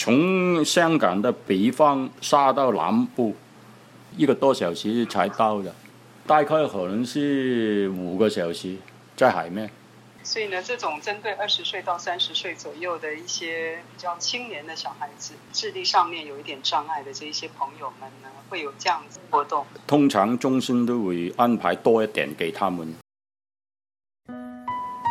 從香港的北方下到南部，一個多小時才到的，大概可能是五個小時，在海面。所以呢，這種針對二十歲到三十歲左右的一些比較青年的小孩子，智力上面有一點障礙的這一些朋友們呢，會有這樣子活動。通常中心都會安排多一點給他們。